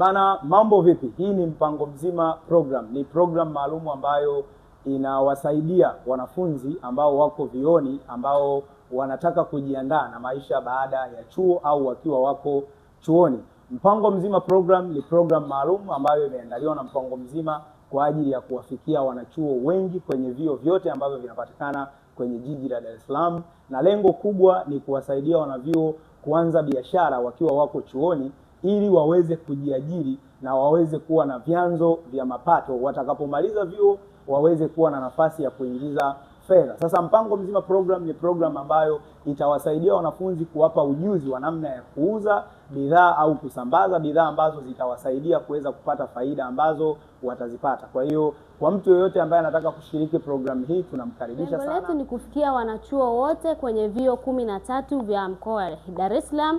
Bana, mambo vipi? Hii ni mpango mzima program, ni program maalum ambayo inawasaidia wanafunzi ambao wako vioni ambao wanataka kujiandaa na maisha baada ya chuo au wakiwa wako chuoni. Mpango mzima program ni program maalum ambayo imeandaliwa na mpango mzima kwa ajili ya kuwafikia wanachuo wengi kwenye vio vyote ambavyo vinapatikana kwenye jiji la Dar es Salaam, na lengo kubwa ni kuwasaidia wanavio kuanza biashara wakiwa wako chuoni ili waweze kujiajiri na waweze kuwa na vyanzo vya mapato, watakapomaliza vyuo waweze kuwa na nafasi ya kuingiza fedha. Sasa mpango mzima program ni program ambayo itawasaidia wanafunzi kuwapa ujuzi wa namna ya kuuza bidhaa au kusambaza bidhaa ambazo zitawasaidia kuweza kupata faida ambazo watazipata. Kwa hiyo kwa mtu yoyote ambaye anataka kushiriki programu hii tunamkaribisha sana. Lengo letu ni kufikia wanachuo wote kwenye vyuo kumi na tatu vya mkoa wa Dar es Salaam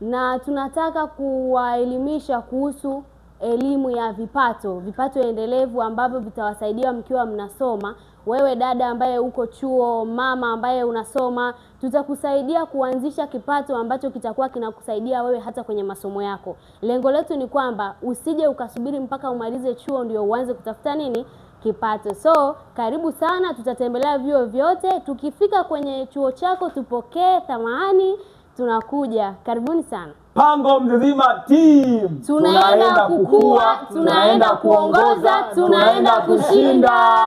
na tunataka kuwaelimisha kuhusu elimu ya vipato, vipato endelevu ambavyo vitawasaidia mkiwa mnasoma. Wewe dada ambaye uko chuo, mama ambaye unasoma, tutakusaidia kuanzisha kipato ambacho kitakuwa kinakusaidia wewe hata kwenye masomo yako. Lengo letu ni kwamba usije ukasubiri mpaka umalize chuo ndio uanze kutafuta nini kipato. So karibu sana, tutatembelea vyuo vyote. Tukifika kwenye chuo chako, tupokee thamani tunakuja. Karibuni sana Pango Mzizima team, tunaenda kukua, tunaenda kuongoza, tunaenda kushinda.